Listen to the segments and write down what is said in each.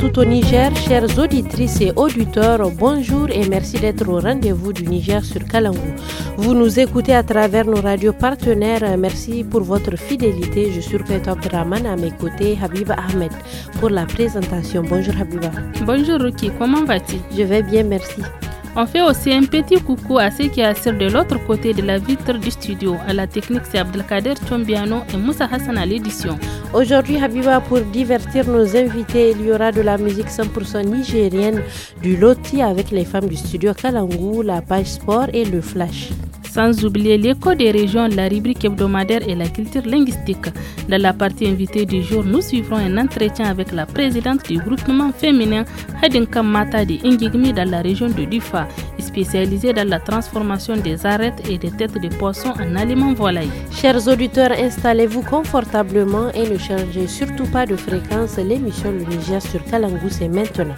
Tout au Niger, chers auditrices et auditeurs, bonjour et merci d'être au rendez-vous du Niger sur Kalangou. Vous nous écoutez à travers nos radios partenaires. Merci pour votre fidélité. Je suis Rukaito Raman à mes côtés, Habiba Ahmed, pour la présentation. Bonjour Habiba. Bonjour Ruki, comment vas-tu Je vais bien, merci. On fait aussi un petit coucou à ceux qui assurent de l'autre côté de la vitre du studio. À la technique, c'est Abdelkader Chombiano et Moussa Hassan à l'édition. Aujourd'hui, Habiba, pour divertir nos invités, il y aura de la musique 100% nigérienne, du loti avec les femmes du studio Kalangu, la page sport et le flash sans oublier l'écho des régions, la rubrique hebdomadaire et la culture linguistique. Dans la partie invitée du jour, nous suivrons un entretien avec la présidente du groupement féminin Hadinka Mata de Ingigmi dans la région de Dufa, spécialisée dans la transformation des arêtes et des têtes de poissons en aliments volailles. Chers auditeurs, installez-vous confortablement et ne changez surtout pas de fréquence. L'émission Le sur Kalangou, c'est maintenant.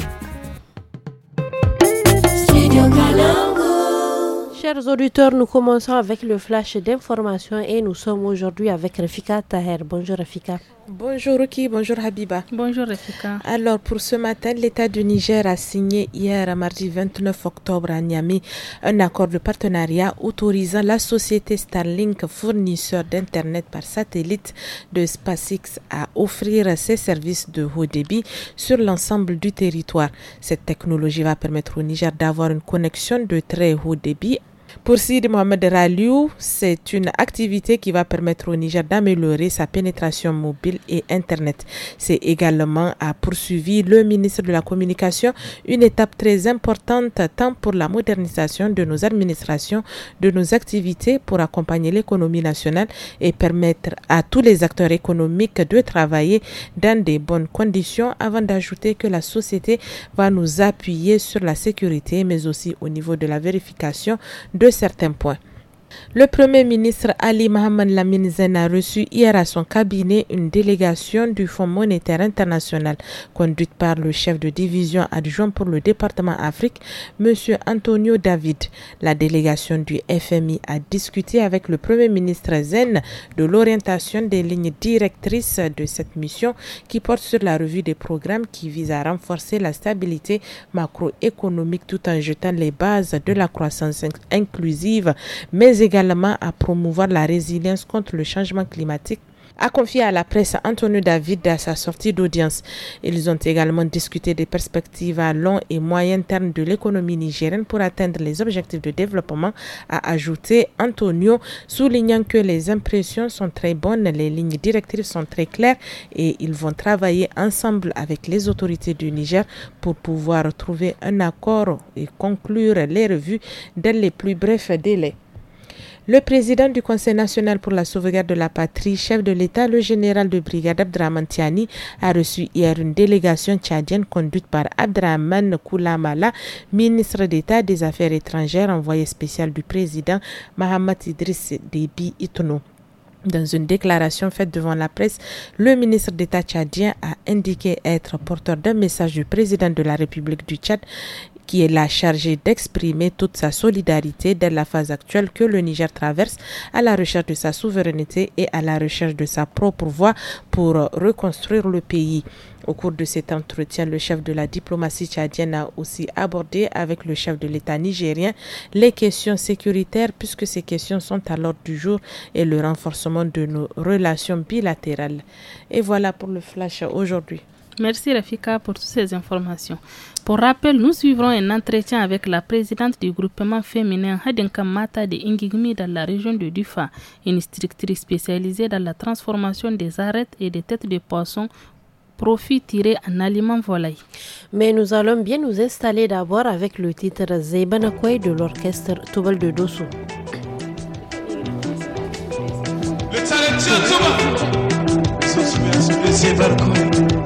chers auditeurs, nous commençons avec le flash d'information et nous sommes aujourd'hui avec Rafika Taher. Bonjour Rafika. Bonjour Ruki, bonjour Habiba. Bonjour Rafika. Alors pour ce matin, l'État du Niger a signé hier mardi 29 octobre à Niamey un accord de partenariat autorisant la société Starlink, fournisseur d'Internet par satellite de SpaceX, à offrir ses services de haut débit sur l'ensemble du territoire. Cette technologie va permettre au Niger d'avoir une connexion de très haut débit pour Sidi Mohamed Raliou, c'est une activité qui va permettre au Niger d'améliorer sa pénétration mobile et Internet. C'est également, a poursuivi le ministre de la Communication, une étape très importante tant pour la modernisation de nos administrations, de nos activités pour accompagner l'économie nationale et permettre à tous les acteurs économiques de travailler dans des bonnes conditions avant d'ajouter que la société va nous appuyer sur la sécurité mais aussi au niveau de la vérification de certain point. Le Premier ministre Ali Mohamed Lamine Zen a reçu hier à son cabinet une délégation du Fonds monétaire international conduite par le chef de division adjoint pour le département Afrique, M. Antonio David. La délégation du FMI a discuté avec le Premier ministre Zen de l'orientation des lignes directrices de cette mission qui porte sur la revue des programmes qui vise à renforcer la stabilité macroéconomique tout en jetant les bases de la croissance inclusive, également à promouvoir la résilience contre le changement climatique a confié à la presse Antonio David à sa sortie d'audience. Ils ont également discuté des perspectives à long et moyen terme de l'économie nigérienne pour atteindre les objectifs de développement, a ajouté Antonio, soulignant que les impressions sont très bonnes, les lignes directrices sont très claires et ils vont travailler ensemble avec les autorités du Niger pour pouvoir trouver un accord et conclure les revues dans les plus brefs délais. Le président du Conseil national pour la sauvegarde de la patrie, chef de l'État, le général de brigade Abdraman Tiani, a reçu hier une délégation tchadienne conduite par Abdraman Koulamala, ministre d'État des Affaires étrangères, envoyé spécial du président Mahamat Idriss Déby Itno. Dans une déclaration faite devant la presse, le ministre d'État tchadien a indiqué être porteur d'un message du président de la République du Tchad qui est la chargée d'exprimer toute sa solidarité dans la phase actuelle que le Niger traverse à la recherche de sa souveraineté et à la recherche de sa propre voie pour reconstruire le pays. Au cours de cet entretien, le chef de la diplomatie tchadienne a aussi abordé avec le chef de l'État nigérien les questions sécuritaires puisque ces questions sont à l'ordre du jour et le renforcement de nos relations bilatérales. Et voilà pour le flash aujourd'hui. Merci Rafika pour toutes ces informations. Pour rappel, nous suivrons un entretien avec la présidente du groupement féminin Hadinka Mata de Ingigmi dans la région de Dufa, une instructrice spécialisée dans la transformation des arêtes et des têtes de poissons profit tiré en aliments volaille. Mais nous allons bien nous installer d'abord avec le titre Zebanakwe de l'orchestre Toubal de Dosso. Le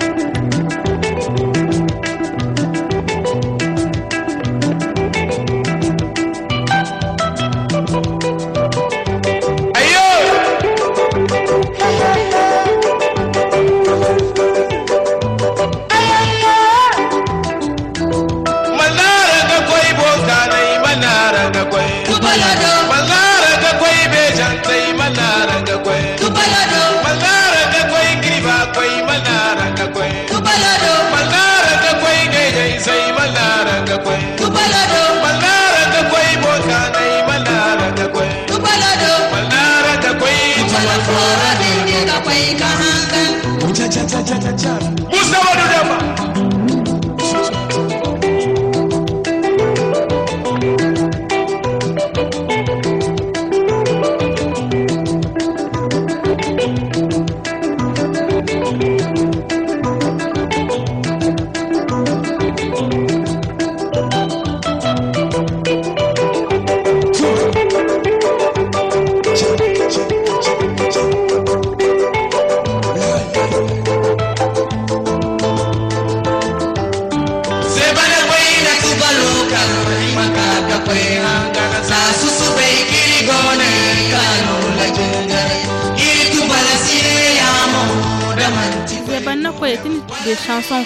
Mustafa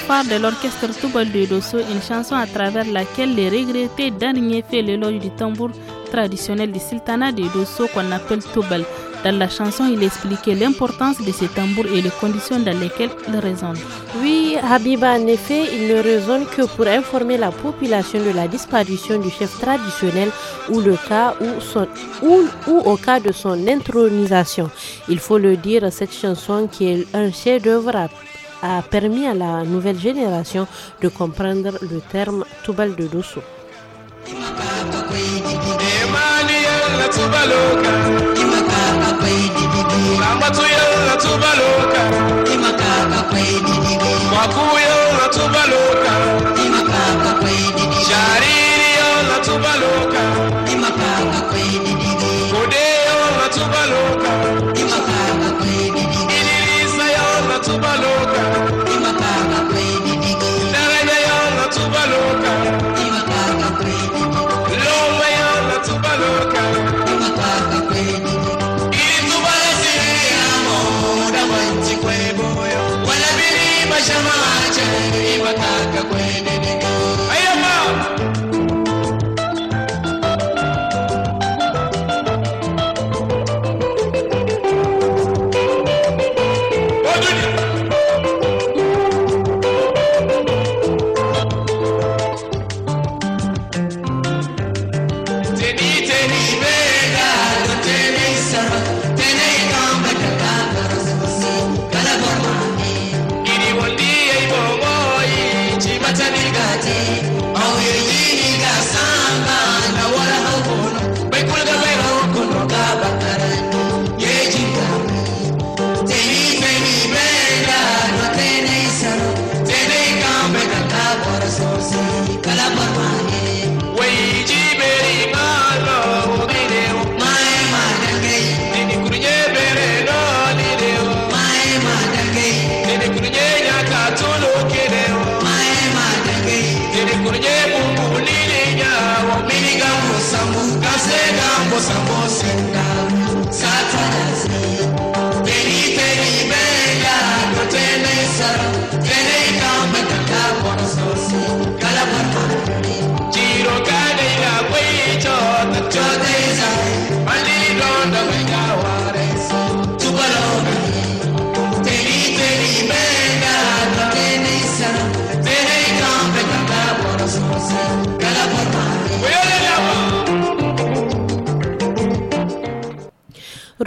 phare de l'orchestre Toubol de Dosso, une chanson à travers laquelle les regrettés derniers fait l'éloge du tambour traditionnel du sultanat de Dosso qu'on appelle Toubol. Dans la chanson, il expliquait l'importance de ce tambour et les conditions dans lesquelles il résonne. Oui, Habiba, en effet, il ne résonne que pour informer la population de la disparition du chef traditionnel ou, le cas où ou au cas de son intronisation. Il faut le dire, cette chanson qui est un chef-d'œuvre a permis à la nouvelle génération de comprendre le terme Toubal de Dosso.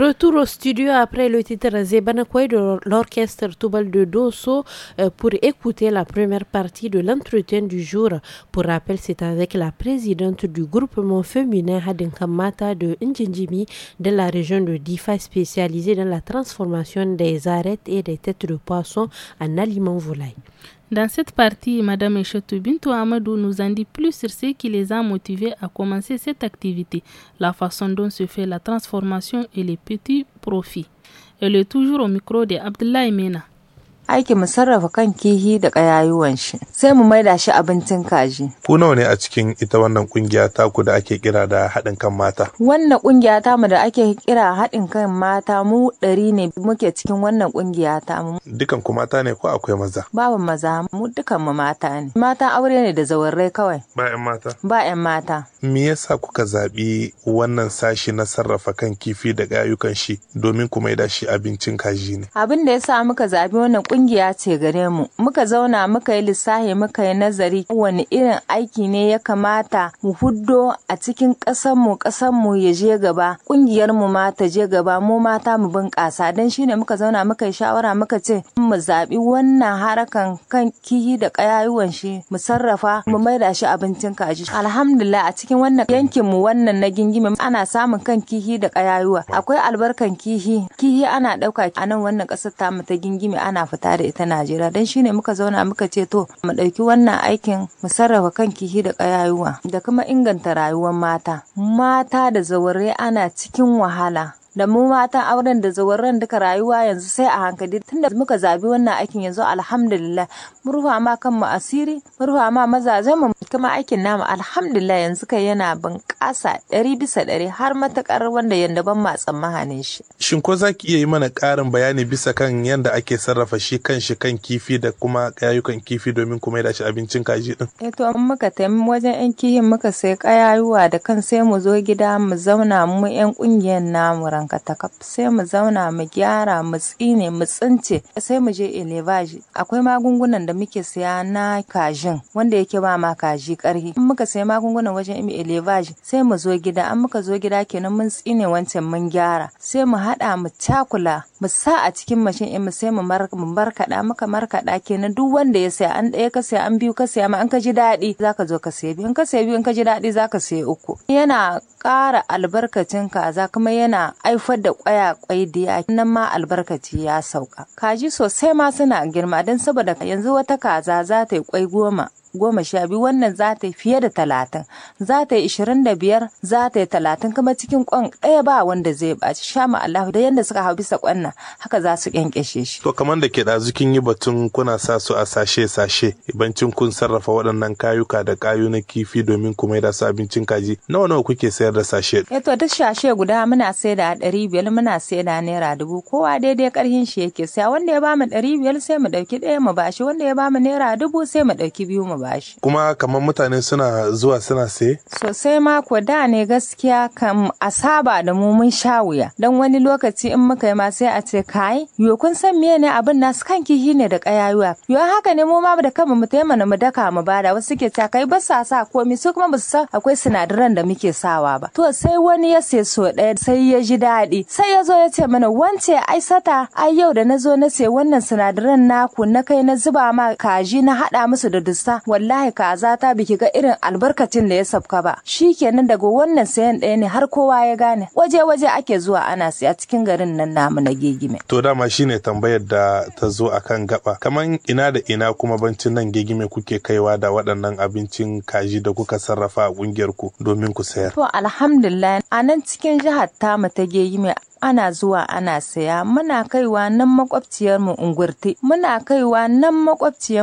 Retour au studio après le titre Zebanakwe de l'orchestre Toubal de Dosso euh, pour écouter la première partie de l'entretien du jour. Pour rappel, c'est avec la présidente du groupement féminin Mata de Njinjimi de la région de Difa spécialisée dans la transformation des arêtes et des têtes de poisson en aliments volailles. Dans cette partie, Madame Echetou Bintou Amadou nous en dit plus sur ce qui les a motivés à commencer cette activité, la façon dont se fait la transformation et les petits profits. Elle est toujours au micro de Abdullah Mena. aiki mu sarrafa kan kihi da ƙayayuwan shi sai mu maida shi abincin kaji. Ku nawa ne a cikin ita wannan kungiya ku da ake kira da haɗin kan mata? Wannan kungiya mu da ake kira haɗin kan mata mu ɗari ne muke cikin wannan kungiya mu. Dukan ku mata ne ko akwai maza? Babu maza mu dukan mu mata ne. Mata aure ne da zawarrai kawai. Ba 'yan mata? Ba 'yan mata. Me yasa kuka zaɓi wannan sashi na sarrafa kan kifi da ƙayayukan shi domin ku maida shi abincin kaji ne? Abin da yasa muka zaɓi wannan kungiya ce gare mu muka zauna muka yi lissahi muka yi nazari wani irin aiki ne ya kamata mu huddo a cikin mu, ƙasanmu mu ya je gaba kungiyar mu ma ta je gaba mu mata mu bunƙasa dan shine muka zauna muka yi shawara muka ce mu zabi wannan harakan kan kihi da ƙayayuwan shi mu sarrafa mu maida shi abincin kaji alhamdulillah a cikin wannan yankin mu wannan na gingime ana samun kan kihi da ƙayayuwa akwai albarkan kihi kihi ana ɗauka a nan wannan ƙasar mu ta gingime ana fita ta da ita Najeriya dan shine muka zauna muka ce to mu ɗauki wannan aikin mu sarrafa kan kihi da ƙayayuwa da kuma inganta rayuwar mata mata da zaure ana cikin wahala da mu matan auren da zawarran duka rayuwa yanzu sai a hankali tunda muka zabi wannan aikin yanzu alhamdulillah mun rufa ma kanmu asiri mun rufa ma mazajen mu kuma aikin namu alhamdulillah yanzu kai yana bunƙasa ɗari bisa ɗari har matakar wanda yanda ban ma ne shi. Shin ko za ki iya yi mana ƙarin bayani bisa kan yadda ake sarrafa shi kan shi kan kifi da kuma ƙayayyukan kifi domin kuma ya shi abincin kaji din? Eh to muka taimi wajen 'yan kihin muka sai ƙayayuwa da kan sai mu zo gida mu zauna mu 'yan ƙungiyar namu kaf sai mu zauna mu gyara mu tsine mu tsince sai mu je elevage akwai magungunan da muke siya na kajin wanda yake ba ma kaji karhi in muka sai magungunan wajen imi elevage sai mu zo gida an muka zo gida kenan mun tsine wancan mun gyara sai mu haɗa mu cakula mu sa a cikin mashin in mu sai mu markaɗa muka markaɗa kenan duk wanda ya sai an ɗaya ka sai an biyu ka sai ma an ka ji daɗi zaka zo ka sai biyu in ka sai biyu in ka ji daɗi zaka sai uku yana ƙara albarkacin kaza kuma yana haifar da da diya nan ma albarkaci ya sauka kaji sosai ma suna girma don saboda yanzu wata kaza za ta yi kwai goma goma sha biyu wannan za ta yi fiye da talatin za ta yi ishirin da biyar za ta yi talatin kuma cikin kwan ɗaya ba wanda zai ɓaci sha ma Allah da yadda suka hau bisa kwanna haka za su kyankyashe shi. To kamar da ke ɗazukin yi batun kuna sa su a sashe-sashe bancin kun sarrafa waɗannan kayuka da kayu na kifi domin kuma maida su abincin kaji nawa nawa kuke sayar da sashe. E to duk sashe guda muna sai da ɗari biyar muna sai da naira dubu kowa daidai ƙarhin shi yake saya wanda ya bamu ɗari biyar sai mu ɗauki ɗaya mu bashi wanda ya bamu naira dubu sai mu ɗauki biyu mu bashi. Kuma kamar mutane suna zuwa suna saye? Sosai mako da ne gaskiya kam a saba da mu mun sha wuya. Don wani lokaci in muka yi ma sai a ce kai yo kun san miye ne abin nasu kan kihi ne da kayayuwa. Yo haka ne mu ma da kanmu mu taimana mu daka mu bada wasu ke ta kai ba sa sa komai su kuma ba su san akwai sinadaran da muke sawa ba. To sai wani ya sai so ɗaya sai ya ji daɗi sai ya zo ya ce mana wance ai sata ai yau da na zo na sai wannan sinadaran naku na kai na zuba ma kaji na haɗa musu da dusta wallahi kaza ta biki ga irin albarkacin da ya sabka ba shi kenan daga wannan sayan ɗaya ne har kowa ya gane waje waje ake zuwa ana siya cikin garin nan namu na gigime to dama shine tambayar da ta zo akan gaba kaman ina da ina kuma bancin nan gigime kuke kaiwa da waɗannan abincin kaji da kuka sarrafa a ƙungiyar ku domin ku sayar to alhamdulillah a nan cikin jihar tamu ta gigime ana zuwa ana saya muna kaiwa nan makwabciyarmu ungurti muna kaiwa nan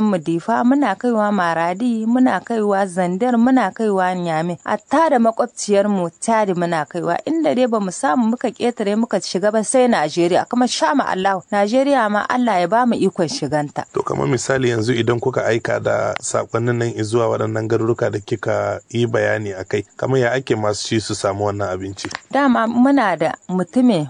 mu difa muna kaiwa maradi muna kaiwa zandar muna kaiwa nyame hatta makwabciyar makwabciyarmu tari muna kaiwa inda dai bamu samu muka ketare muka shiga ba sai Najeriya kuma sha ma Allah Najeriya ma Allah ya bamu ikon shiganta to kamar misali yanzu idan kuka aika da sakonnin nan zuwa waɗannan garuruka da kika yi bayani akai kamar ya ake masu ci su samu wannan abinci dama muna da mutumin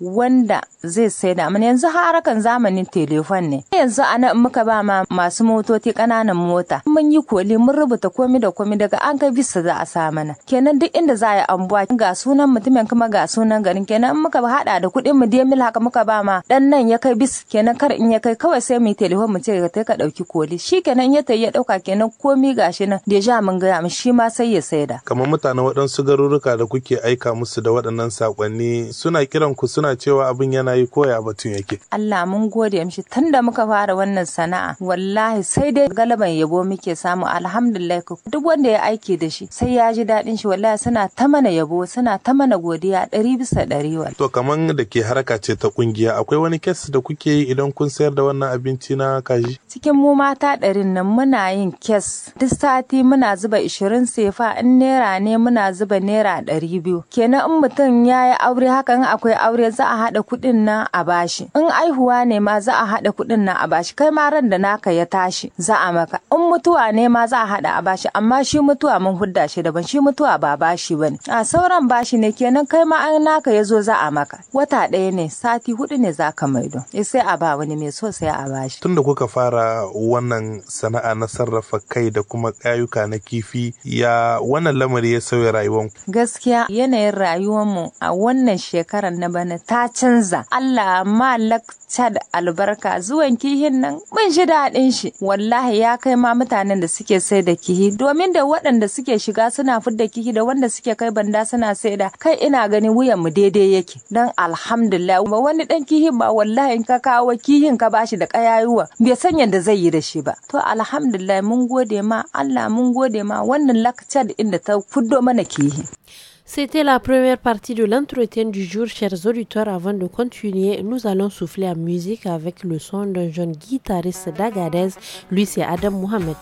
wanda zai saida mana yanzu harakan zamanin telefon ne yanzu a nan muka ba ma masu motoci kananan mota mun yi koli mun rubuta komi da komi daga an kai bisa za a sa mana kenan duk inda za a yi ambuwa ga sunan mutumin kuma ga sunan garin kenan muka haɗa da kuɗin mu da mil haka muka ba ma dan nan ya kai bis kenan kar in ya kai kawai sai mu yi telefon mu ce ka ka ɗauki koli shi kenan ya tayi ya dauka kenan komi gashi nan deja mun gaya mun shi ma sai ya saida kamar mutanen waɗansu garuruka da kuke aika musu da waɗannan sakonni suna kiran ku suna kuna cewa abin yana yi koya batun yake. Allah mun gode mishi tun da muka fara wannan sana'a wallahi sai dai galaban yabo muke samu alhamdulillah duk wanda ya aiki da shi sai ya ji daɗin shi wallahi suna ta mana yabo suna ta mana godiya ɗari bisa ɗari wa. To kaman da ke haraka ce ta ƙungiya, akwai wani kes da kuke yi idan kun sayar da wannan abinci na kaji. Cikin mu mata ɗarin nan muna yin kes duk sati muna zuba ishirin sefa in naira ne muna zuba naira ɗari biyu kenan in mutum ya yi aure hakan akwai aure za a haɗa kuɗin nan a bashi in aihuwa ne ma za a haɗa kuɗin nan a bashi kai ma ran da naka ya tashi za a maka in mutuwa ne ma za a haɗa a bashi amma shi mutuwa mun hudda shi daban shi mutuwa ba bashi bane a sauran bashi ne kenan kai ma an naka ya zo za a maka wata ɗaya ne sati hudu ne za ka maido eh, sai a ba wani mai so sai a bashi tunda kuka fara wannan sana'a na sarrafa kai da kuma kayuka na kifi ya wannan lamari ya sauya rayuwar ku. gaskiya yanayin rayuwar mu a wannan shekarar na bana ta canza Allah ma Chad albarka zuwan kihin nan mun shi daɗin shi wallahi ya kai ma mutanen da suke sai da kihi domin da waɗanda suke shiga suna fidda kihi da wanda suke kai banda suna sai da kai ina ganin wuyan mu daidai yake don alhamdulillah ba wani dan kihin ba wallahi in ka kawo kihin ka bashi da kayayuwa bai san yadda zai yi da shi ba to alhamdulillah mun gode ma Allah mun gode ma wannan lakcar inda ta fuddo mana kihi C'était la première partie de l'entretien du jour, chers auditeurs. Avant de continuer, nous allons souffler à musique avec le son d'un jeune guitariste d'Agadez. Lui, c'est Adam Mohamed.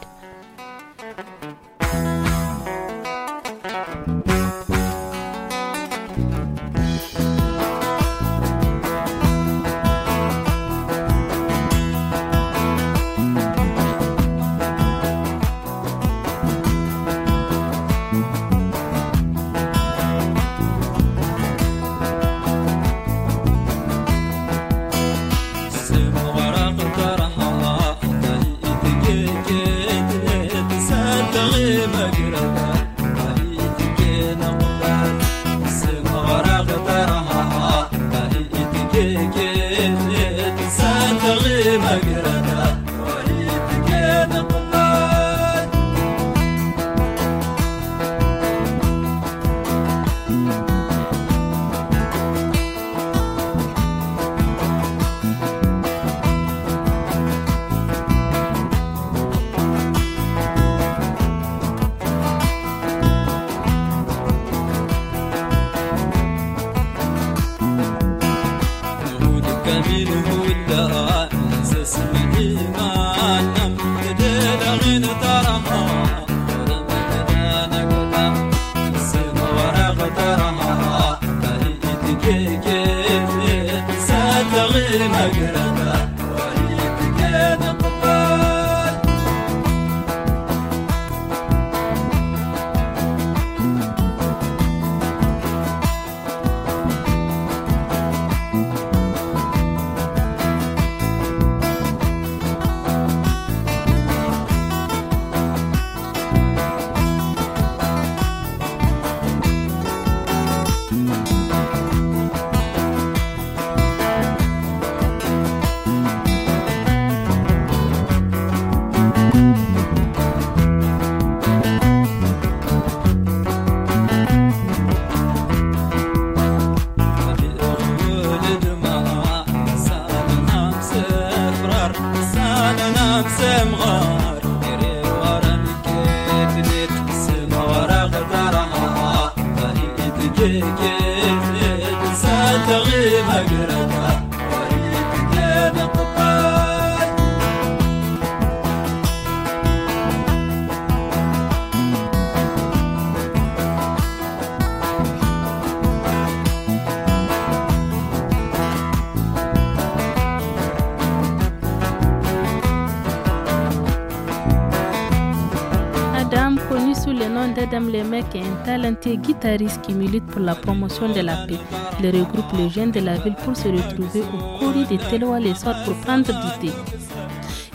nom d'Adam Lemek est un talenté guitariste qui milite pour la promotion de la paix. Il regroupe les jeunes de la ville pour se retrouver au courrier des Teloa les soirs pour prendre du thé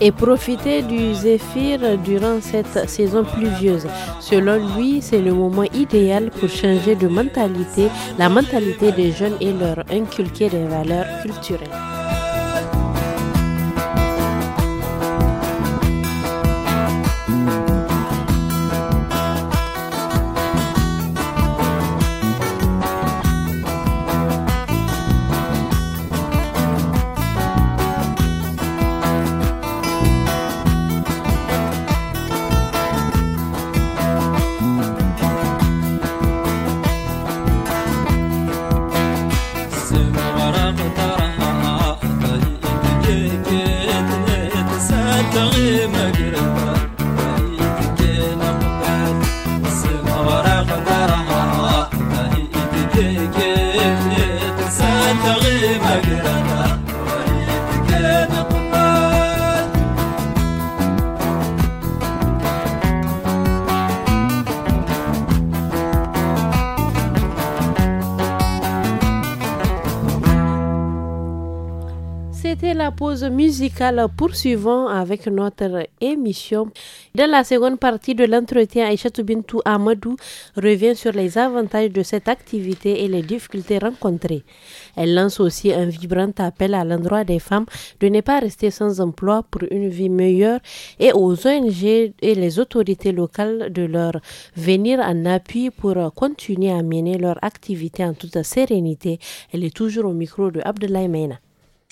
et profiter du zéphyr durant cette saison pluvieuse. Selon lui, c'est le moment idéal pour changer de mentalité, la mentalité des jeunes et leur inculquer des valeurs culturelles. Alors poursuivons avec notre émission. Dans la seconde partie de l'entretien, Aïcha Bintou Amadou revient sur les avantages de cette activité et les difficultés rencontrées. Elle lance aussi un vibrant appel à l'endroit des femmes de ne pas rester sans emploi pour une vie meilleure et aux ONG et les autorités locales de leur venir en appui pour continuer à mener leur activité en toute sérénité. Elle est toujours au micro de Abdoulaye Mena.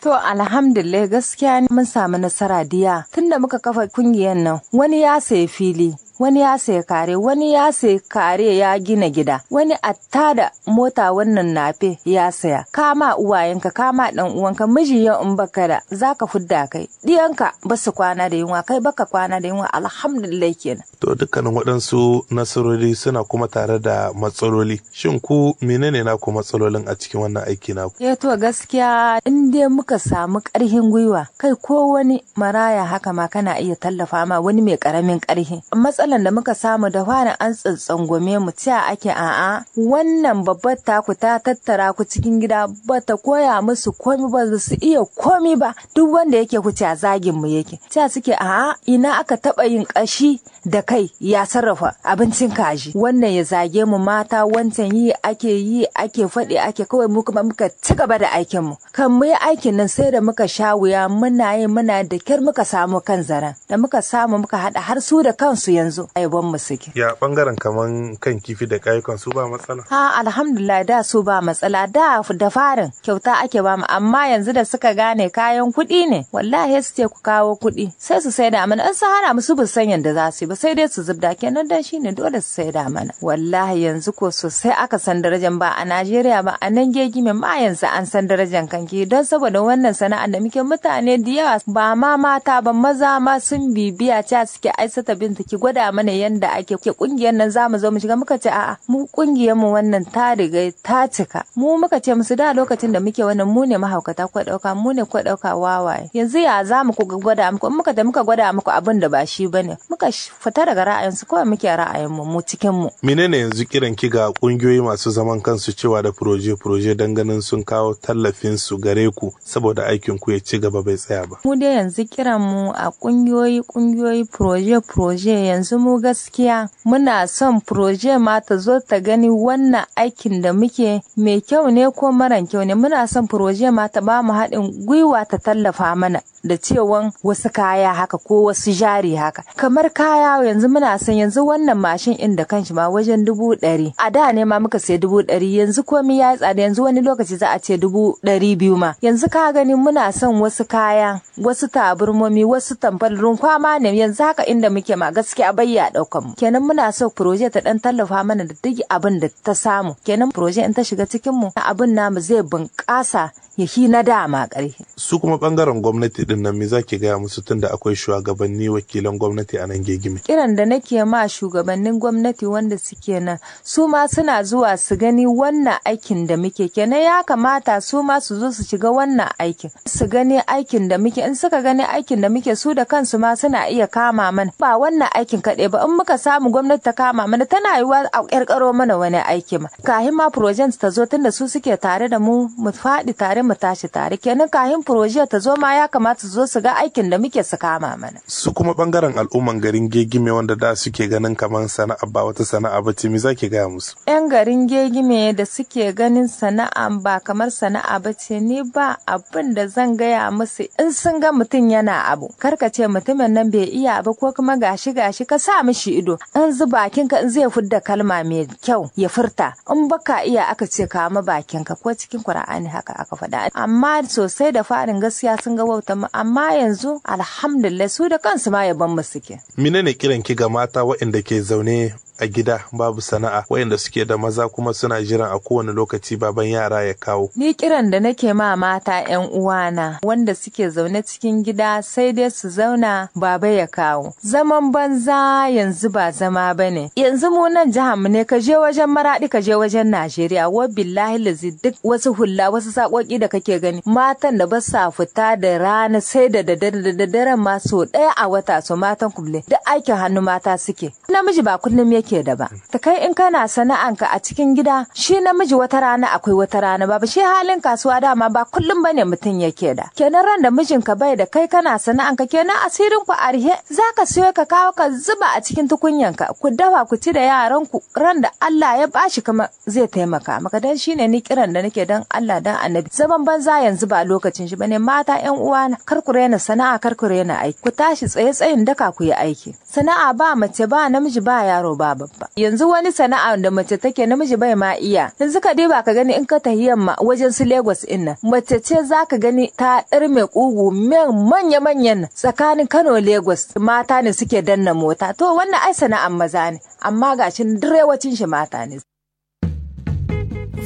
To alhamdulillah gaskiya mun samu nasara diya tunda muka kafa kungiyar nan wani ya sayi fili wani ya sai kare wani ya sai kare ya gina gida wani atta da mota wannan nafe ya saya kama uwayenka kama dan uwanka miji ya in baka da zaka fudda kai diyanka ba su kwana da yunwa kai baka kwana da yunwa alhamdulillah kenan to dukkanin waɗansu nasarori suna kuma tare da matsaloli shin ku menene naku matsalolin a cikin wannan aiki naku eh to gaskiya in dai muka samu ƙarfin gwiwa kai ko wani maraya haka ma kana iya tallafa ma wani mai ƙaramin ƙarfi matsalan da muka samu da fara an tsantsangwame mu ta ake a'a wannan babbar taku ta tattara ku cikin gida ba ta koya musu komi ba su iya komi ba duk wanda yake huce a zagin mu yake ta suke a'a ina aka taba yin kashi da kai ya sarrafa abincin kaji wannan ya zage mu mata wancan yi ake yi ake faɗi ake kawai mu kuma muka ci gaba da aikin mu kan mu yi aikin nan sai da muka sha wuya muna yi muna da kyar muka samu kan zaren da muka samu muka haɗa har su da kansu yanzu yanzu ban mu suke ya bangaren kaman kan kifi da kayukan su ba matsala ha alhamdulillah da su ba matsala da da farin kyauta ake ba mu amma yanzu da suka gane kayan kuɗi ne wallahi su ce ku kawo kuɗi sai su sai da mana in su hana mu su san yanda za su ba sai dai su zubda kenan dan ne dole su sai da mana wallahi yanzu ko sai aka san darajan ba a Najeriya ba a nan gegi mai ma yanzu an san darajan kanki don saboda wannan sana'a da muke mutane da yawa ba ma mata ba maza ma sun bibiya ta suke aisata binta ki gwada gwada mana yanda ake ke kungiyar nan zamu zo mu shiga muka ce a'a mu kungiyar mu wannan ta riga ta cika mu muka ce musu da lokacin da muke wannan mu ne mahaukata ko dauka mu ne ko dauka wawaye yanzu ya zamu ku gwada muku in muka muka gwada muku abin da ba shi bane muka fita daga ra'ayin su kawai muke ra'ayin mu mu cikin mu menene yanzu kiran ki ga kungiyoyi masu zaman kansu cewa da proje proje dan ganin sun kawo tallafin su gare ku saboda aikin ku ya ci gaba bai tsaya ba mu dai yanzu kiran mu a kungiyoyi kungiyoyi proje proje yanzu yanzu mu gaskiya muna son proje ma ta zo ta gani wannan aikin da muke mai kyau ne ko mara kyau ne muna son proje ma ta ba mu haɗin gwiwa ta tallafa mana da cewan wasu kaya haka ko wasu jari haka kamar kaya yanzu muna son yanzu wannan mashin inda da kanshi ma wajen dubu ɗari a da ne ma muka sai dubu ɗari yanzu komai ya tsada yanzu wani lokaci za a ce dubu ɗari biyu ma yanzu ka gani muna son wasu kaya wasu taburmomi wasu tamfal kwama ma ne yanzu haka inda muke ma gaskiya bayya daukan mu kenan muna so proje ta dan tallafa mana da duk abin da ta samu kenan proje in ta shiga cikin mu abin namu zai bunƙasa ya shi na dama ƙarfi su kuma bangaren gwamnati din nan me zaki gaya musu tunda akwai shugabanni wakilan gwamnati a nan gegime kiran da nake ma shugabannin gwamnati wanda suke nan su ma suna zuwa su gani wannan aikin da muke kenan ya kamata su ma su zo su shiga wannan aikin su gani aikin da muke in suka gani aikin da muke su da kansu ma suna iya kama mana ba wannan aikin ka kaɗai ba in muka samu gwamnati ta kama mana tana yiwa a ƙirƙiro mana wani aiki ma kahin ma project ta zo tunda su suke tare da mu mu faɗi tare mu tashi tare kenan kahin project ta zo ma ya kamata su zo su ga aikin da muke su kama mana su kuma bangaren al'umman garin gegime wanda da suke ganin kamar sana'a ba wata sana'a ba ce me zaki gaya musu yan garin gegime da suke ganin sana'a ba kamar sana'a ba ce ni ba abin da zan gaya musu in sun ga mutum yana abu karka ce mutumin nan bai iya ba ko kuma gashi gashi ka sa mishi ido in zu bakin ka in zai fidda kalma mai kyau ya furta in baka iya aka ce ka ma bakin ka ko cikin Qur'ani haka aka faɗa amma sosai da farin gaskiya sun ga wauta amma yanzu alhamdulillah su da kansu ma yaban mu suke menene kiran ki ga mata waɗanda ke zaune a gida babu sana'a wayanda suke da maza kuma suna jiran a kowane lokaci baban yara ya kawo. Ni kiran da nake ma mata 'yan uwana wanda suke zaune cikin gida sai dai su zauna baba ya kawo. Zaman banza yanzu ba zama bane. Yanzu mu nan jihar mu ne ka je wajen Maradi ka je wajen Najeriya wa billahi lazi duk wasu hulla wasu sakoki da kake gani matan da ba sa fita da rana sai da daddare ma so ɗaya a wata su matan kuble duk aikin hannu mata suke. Namiji ba kullum yake yake da ba ta kai in kana sana'anka a cikin gida shi namiji wata rana akwai wata rana ba shi halin kasuwa dama ba kullum ne mutum yake da kenan ran da mijinka bai da kai kana sana'anka kenan asirin ku arhe ka siyo ka kawo ka zuba a cikin tukunyanka ku dawa ku ci da yaran ku ran da Allah ya bashi kama zai taimaka maka dan ne ni kiran da nake dan Allah dan Annabi zaman banza yanzu ba lokacin shi bane mata yan uwana kar ku rena sana'a kar ku rena aiki ku tashi tsaye tsayin daka ku yi aiki sana'a ba mace ba namiji ba yaro ba babba yanzu wani sana'a da mace take namiji bai ma iya yanzu ka dai ka gani in ka tafi ma wajen su Lagos din nan mace ce za ka gani ta mai kugu manya manyan tsakanin Kano Lagos mata ne suke danna mota to wannan ai sana'ar maza ne amma gashin direwacin shi mata ne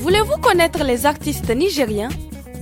Voulez-vous connaître les artistes nigériens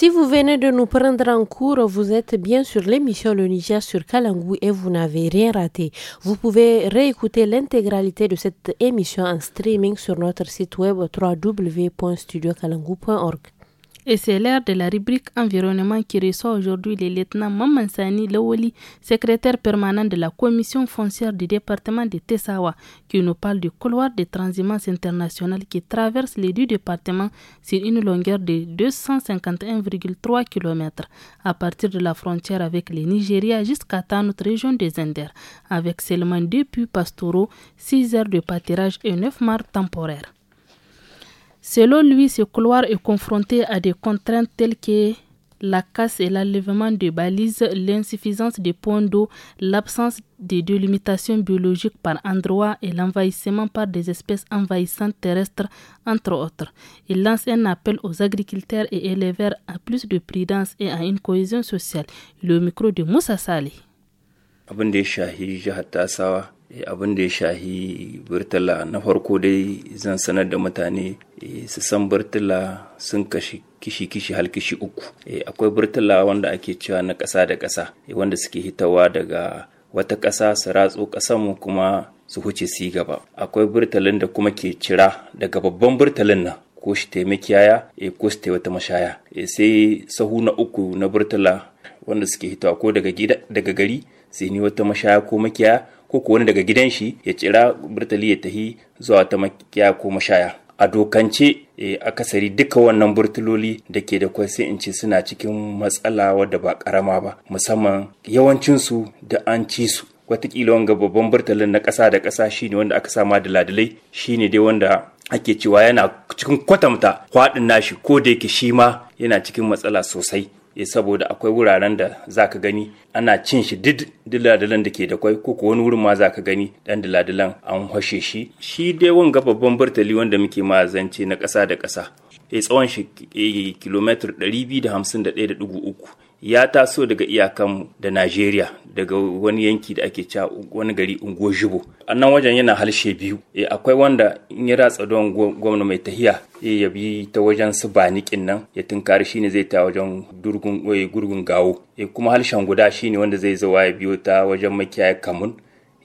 Si vous venez de nous prendre en cours, vous êtes bien sur l'émission Le Niger sur Kalangou et vous n'avez rien raté. Vous pouvez réécouter l'intégralité de cette émission en streaming sur notre site web www.studiokalangou.org. Et c'est l'heure de la rubrique environnement qui reçoit aujourd'hui le lieutenant Mamansani Sani secrétaire permanent de la commission foncière du département de Tessawa, qui nous parle du couloir de transhumance internationale qui traverse les deux départements sur une longueur de 251,3 km à partir de la frontière avec le Nigeria jusqu'à notre région des Inders, avec seulement deux puits pastoraux, six heures de pâturage et neuf mares temporaires. Selon lui, ce couloir est confronté à des contraintes telles que la casse et l'enlèvement de balises, l'insuffisance des points d'eau, l'absence de délimitations biologiques par endroit et l'envahissement par des espèces envahissantes terrestres, entre autres. Il lance un appel aux agriculteurs et éleveurs à plus de prudence et à une cohésion sociale. Le micro de Moussa Salé. Eh, abin da ya shahi birtila na farko dai zan sanar da mutane eh, su san birtila sun kashi kishi-kishi har kishi uku eh, akwai birtila wanda ake cewa na ƙasa da ƙasa wanda suke hitawa daga wata ƙasa su ratso ƙasanmu kuma su huce su yi gaba akwai birtalin da kuma ke cira daga babban birtalin nan ko shi taimaki yaya ko su wata mashaya sai sahu na uku na birtila wanda suke hitawa ko daga gida daga gari sai ni wata mashaya ko makiya ko ko wani daga gidan shi ya cira burtali ya tahi zuwa ta makiya ko mashaya a dokance e, akasari duka wannan burtuloli da ke da kwasi in ce suna cikin matsala wadda ba karama ba musamman yawancinsu da an ci su watakila wanga babban burtalin na kasa da kasa shine wanda aka sama da ladalai shine dai wanda ake cewa yana cikin kwatamta kwaɗin nashi ko da yake shi ma yana cikin matsala sosai Eh, saboda akwai wuraren da za ka gani ana cin shi duk diladilan da ke da kwai ko wani wurin ma za ka gani dan diladilan an hashe shi shi dai ga babban burtali wanda muke ma na ƙasa da ƙasa ya eh, tsawon shi eh, kilomita 251.3 ya taso daga iyakanmu da Najeriya daga wani yanki da ake cewa wani gari unguwar Jibo. A nan wajen yana halshe biyu. Eh akwai wanda in ya ratsa don gwamna mai tahiya e, ya bi ta wajen su banikin nan ya tunkari shi ne zai ta wajen durgun eh, gurgun gawo. E, kuma halshen guda shi ne wanda zai zawa ya biyo ta wajen makiyaya kamun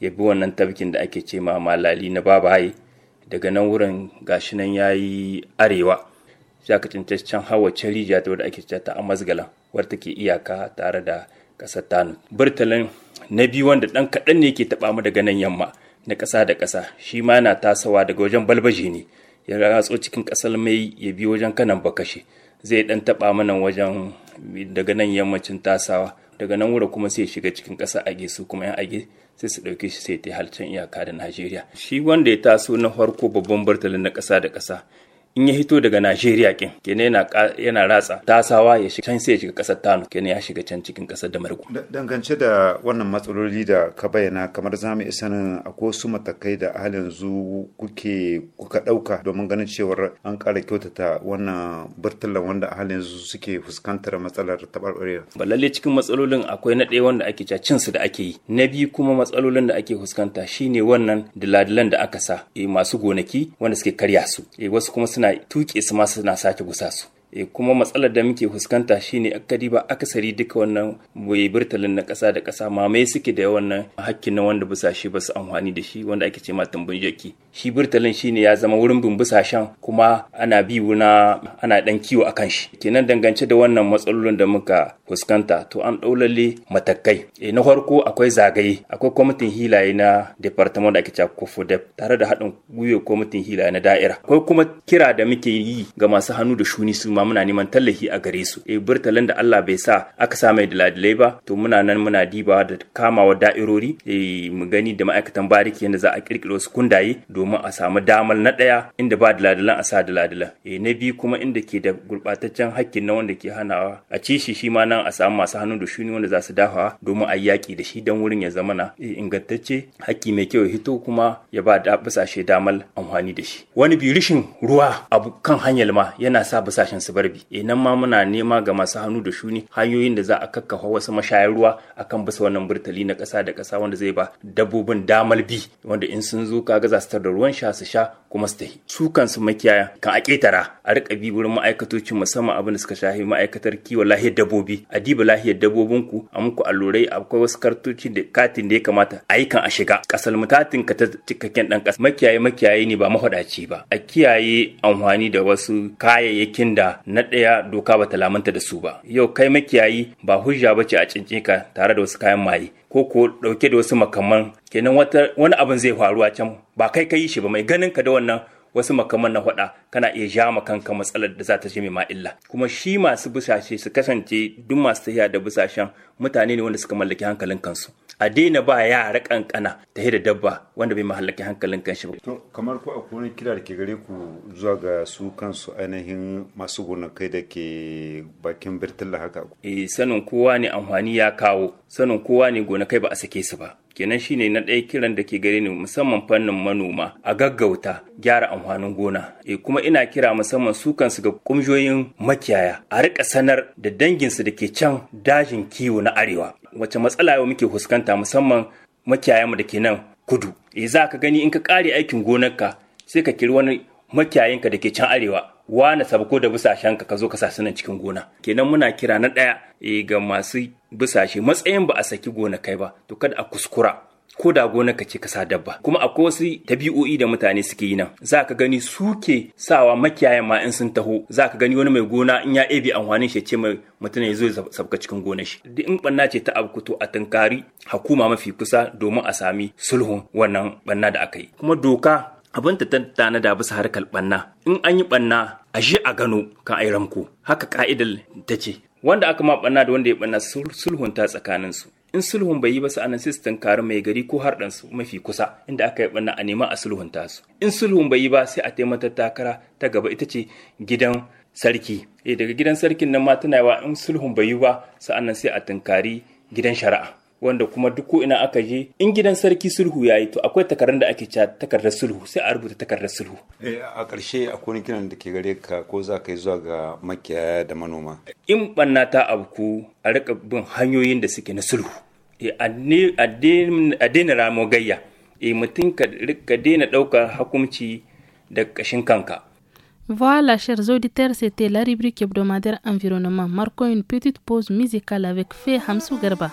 ya bi wannan tafkin da ake ce ma malali na babaye daga nan wurin gashi nan ya yi arewa. sai hawa can hawa rijiya ta wadda ake cewa ta amazgalan wadda take iyaka tare da ƙasar tanu burtalin na biyu wanda dan kaɗan ne yake taɓa mu daga nan yamma na ƙasa da ƙasa shi ma na tasawa daga wajen balbaje ne ya ratso cikin ƙasar mai ya bi wajen kanan bakashi zai dan taɓa mana wajen daga nan yammacin tasawa daga nan wura kuma sai shiga cikin ƙasa age su kuma yan age sai su ɗauke shi sai ta halcin iyaka da najeriya shi wanda ya taso na farko babban bartalin na ƙasa da ƙasa in ya hito daga Najeriya kin kene yana yana ratsa tasawa ya shiga can sai ya shiga kasar Tano kene ya shiga can cikin kasar da Margu dangance da wannan matsaloli da ka bayyana kamar zamu isa nan akwai wasu matakai da halin yanzu kuke kuka dauka domin ganin cewar an kara kyautata wannan burtulan wanda halin yanzu suke fuskantar matsalar tabarbarewa ba lalle cikin matsalolin akwai na ɗaya wanda ake cin su da ake yi na biyu kuma matsalolin da ake fuskanta shine wannan diladilan da aka sa eh, masu gonaki wanda suke karya su eh, wasu kuma suna suna tuke su ma suna sake gusa su e kuma matsalar da muke fuskanta shine akadi ba akasari duka wannan mai burtalin na ƙasa da ƙasa mamaye suke da wannan hakkin na wanda bisa shi ba su amfani da shi wanda ake ce ma tambun jaki shi shi shine ya zama wurin bumbusashen kuma ana bi wuna ana dan kiwo a kan shi kenan dangance da wannan matsalolin da muka fuskanta to an daulalle matakai e na farko akwai zagaye akwai kwamitin hilaye na department da ake cewa kofodep tare da haɗin gwiwa kwamitin hilaye na da'ira akwai kuma kira da muke yi ga masu hannu da shuni su ma muna neman tallafi a gare su e eh, birtalin da Allah bai sa aka sa mai diladilai ba to muna nan muna dibawa da kamawa da'irori e mu gani da ma'aikatan bariki yadda za a kirkiro su kundaye domin a samu damar na ɗaya inda ba diladilan a sa diladilan e, na biyu kuma inda ke da gurɓataccen hakkin na wanda ke hanawa a ci shi shi ma nan a samu masu hannu da shuni wanda za su dafa domin a yaƙi da shi don wurin ya zama na eh, ingantacce hakki mai kyau ya hito kuma ya ba da bisashe damar amfani da shi wani bi rishin ruwa abu kan hanyar ma yana sa bisashen su barbi e, nan ma muna nema ga masu hannu da shuni hanyoyin da za a kakkafa wasu mashayar ruwa akan bisa wannan burtali na ƙasa da ƙasa wanda zai ba dabbobin damar bi wanda in sun zo kaga za su tar ruwan sha su sha kuma su tafi su kansu makiyaya kan a ƙetara a rika bi wurin ma'aikatocin musamman abin da suka shafi ma'aikatar kiwon lahiyar dabbobi a diba lahiyar dabbobin ku a muku allurai akwai wasu kartoci da katin da ya kamata a yi kan a shiga mu mutatin ka ta cikakken ɗan kasa makiyaye makiyaye ne ba mahwaɗaci ba a kiyaye amfani da wasu kayayyakin da na ɗaya doka bata lamanta da su ba yau kai makiyayi ba hujja ba ce a cince ka tare da wasu kayan maye ko ko dauke da wasu makaman kenan wani abin zai faru a can ba kai ka yi shi ba mai ganin ka da wannan wasu makaman na hada kana iya ja ma kanka matsalar da za ta jime ma illa kuma shi masu busashe su kasance duk masu tafiya da busashen mutane ne wanda suka mallaki hankalin kansu a daina ba yara kankana ta da dabba wanda bai mahallaki hankalin kanshi ba. kamar ko akwai wani kira da ke gare ku zuwa ga su kansu ainihin masu gonakai da ke bakin birtilla haka. Eh sanin kowa ne amfani ya kawo sanin kowa ne gona kai ba a sake su ba. kenan shine na ɗaya kiran da ke gare ni musamman fannin manoma a gaggauta gyara amfanin gona e kuma ina kira musamman su kansu ga kumjoyin makiyaya a rika sanar da danginsu da ke can dajin kiwo na arewa wace matsala yau muke fuskanta musamman makiyayanmu da ke nan kudu e za ka gani in ka kare aikin gonarka sai ka kiri wani makiyayinka da ke can arewa Wani sabko da busashenka ka zo ka sasu nan cikin gona kenan muna kira na ɗaya e ga masu busashe matsayin ba a saki gona kai ba to kada a kuskura ko da ka ce ka sa dabba kuma akwai wasu tabi'o'i da mutane suke yi nan za ka gani suke sawa makiyayan ma in sun taho za ka gani wani mai gona in ya ebe amfanin shi ce mai mutum ya zo ya sabka cikin gona shi duk in banna ce ta abkuto a tunkari hukuma mafi kusa domin a sami sulhun wannan banna da aka yi kuma doka abin ta tattana da bisa harkar banna in an yi banna a shi a gano kan ai ramko haka ka'idar ta ce wanda aka ma banna da wanda ya banna sulhunta tsakaninsu in sulhun bai yi ba sa'anan sai su tunkari mai gari ko har ɗansu mafi kusa inda aka yi bana a nema a sulhun tasu in sulhun bai yi ba sai a taimata takara ta gaba ita ce gidan sarki eh daga gidan sarkin nan ma tana yawa in sulhun bai yi ba sa'annan sai a tunkari gidan shari'a wanda kuma duk ko ina aka je in gidan sarki sulhu ya yi to akwai takardar da ake cewa takardar sulhu sai a rubuta takardar sulhu eh, a ƙarshe akwai kiran da ke gare ka ko za ka yi zuwa ga makiyaya da manoma in banna ta abku a rika bin hanyoyin da suke na sulhu eh, a daina ramo gayya eh, mutum ka daina ɗaukar hukunci da ƙashin kanka Voilà, chers auditeurs, c'était la rubrique hebdomadaire environnement. Marquons une petite pause musicale avec Fé Hamsou Garba.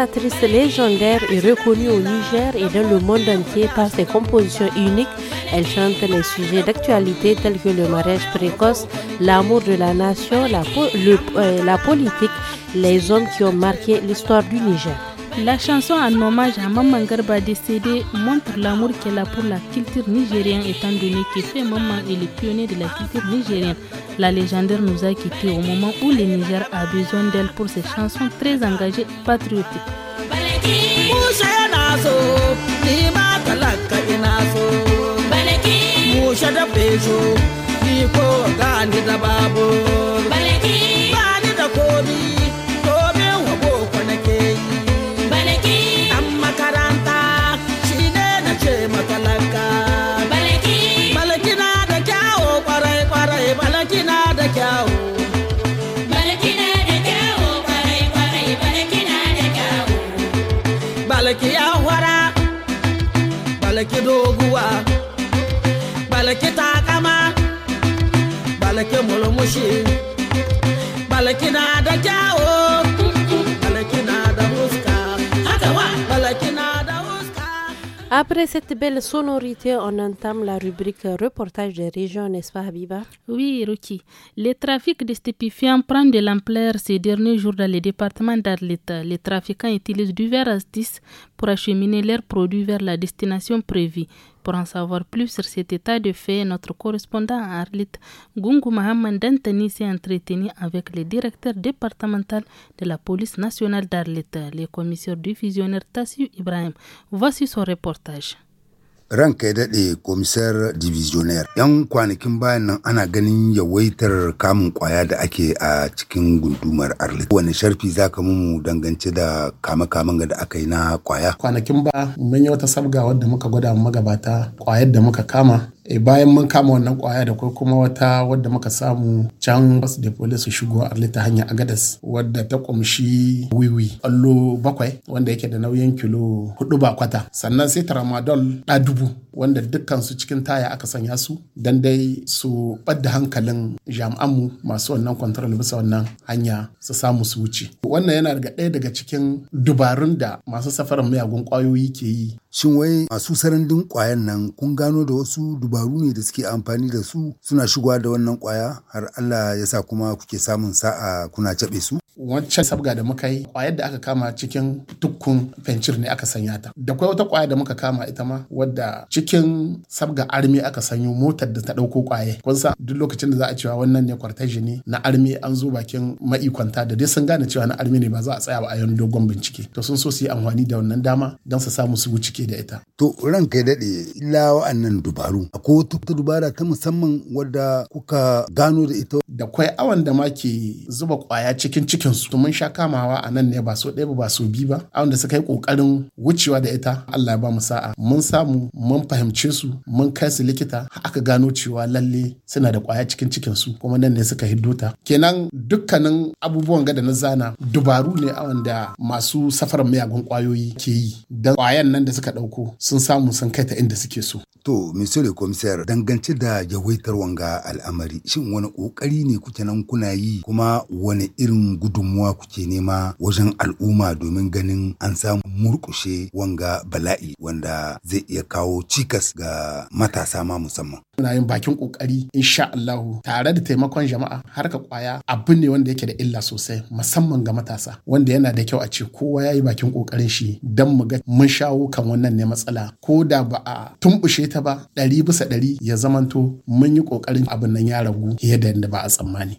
cantatrice légendaire et reconnue au Niger et dans le monde entier par ses compositions uniques, elle chante les sujets d'actualité tels que le mariage précoce, l'amour de la nation, la, euh, la politique, les hommes qui ont marqué l'histoire du Niger. La chanson en hommage à Maman Garba décédée montre l'amour qu'elle a pour la culture nigérienne étant donné que fait Maman est le pionnier de la culture nigérienne. La légendaire nous a quittés au moment où le Niger a besoin d'elle pour ses chansons très engagées et patriotiques. Après cette belle sonorité, on entame la rubrique reportage des régions, n'est-ce pas Habiba Oui, Ruki. Les trafics de stupéfiants prennent de l'ampleur ces derniers jours dans les départements d'Arleta. Les trafiquants utilisent du divers astuces pour acheminer leurs produits vers la destination prévue. Pour en savoir plus sur cet état de fait, notre correspondant à Arlit, Gungu Mohamed Dantani, s'est entretenu avec le directeur départemental de la police nationale d'Arlit, le commissaire du fusionnaire Tassu Ibrahim. Voici son reportage. ranka ya daɗe komisar divisionaire yan kwanakin bayan nan ana ganin yawaitar kamun kwaya da ake a cikin gundumar arle wani sharfi za ka mu dangance da kama kaman da aka yi na kwaya kwanakin ba mun yi wata sabga wadda muka gwada magabata kwayar da muka kama e bayan mun kama wannan kwaya da kwai kuma wata wadda muka samu can bas da police su shigo arli ta hanyar agadas wadda ta kumshi wiwi allo bakwai wanda yake da nauyin kilo hudu ba kwata sannan sai tramadol da dubu wanda dukkan su cikin taya aka sanya su dan dai su ɓadda hankalin mu masu wannan control bisa wannan hanya su samu su wuce wannan yana daga ɗaya daga cikin dubarun da masu safarin miyagun kwayoyi ke yi Shin wai masu sarandin kwayan nan kun gano da wasu dubaru ne da suke amfani da su suna shigowa da wannan kwaya har Allah ya sa kuma kuke samun sa'a kuna caɓe su? wancan sabga da muka yi kwayar da aka kama cikin tukkun fencir ne aka sanya ta da kwai wata kwaya da muka kama ita ma wadda cikin sabga armi aka sanyo motar da ta dauko kwaye kun sa duk lokacin da za a cewa wannan ne kwartaji ne na armi an zo bakin ma'ikwanta da dai sun gane cewa na armi ne ba za a tsaya ba a yan dogon bincike to sun so su yi amfani da wannan dama don su samu su wuce da ita to ran kai dade illa wa'annan dubaru akwai wata dubara ta musamman wadda kuka gano da ita da kwai awan da ma ke zuba kwaya cikin cikin su mun sha kamawa a nan ne ba so ɗaya ba so bi ba awan da suka yi kokarin wucewa da ita Allah ya ba mu sa'a mun samu mun fahimce su mun kai su likita aka gano cewa lalle suna da kwaya cikin cikin su kuma nan ne suka hiddo ta kenan dukkanin abubuwan ga da na zana dubaru ne awan da masu safarar miyagun kwayoyi ke yi dan kwayan nan da suka dauko. sun samu sun kai ta inda suke so to misali komisar dangance da yawaitar wanga al'amari shin wani kokari ne kuke nan kuna yi kuma wani irin gudunmuwa kuke nema wajen al'umma domin ganin an samu murkushe wanga bala'i wanda zai iya kawo cikas ga matasa ma musamman. muna yin bakin kokari insha Allahu tare da taimakon jama'a harka kwaya abu ne wanda yake da illa sosai musamman ga matasa wanda yana da kyau a ce kowa ya yi bakin kokarin shi dan mu ga mun shawo kan wannan ne matsala ko da ba a tumbushe ta ba ɗari bisa ɗari ya zamanto mun yi kokarin abin nan ya ragu fiye yadda ba a tsammani.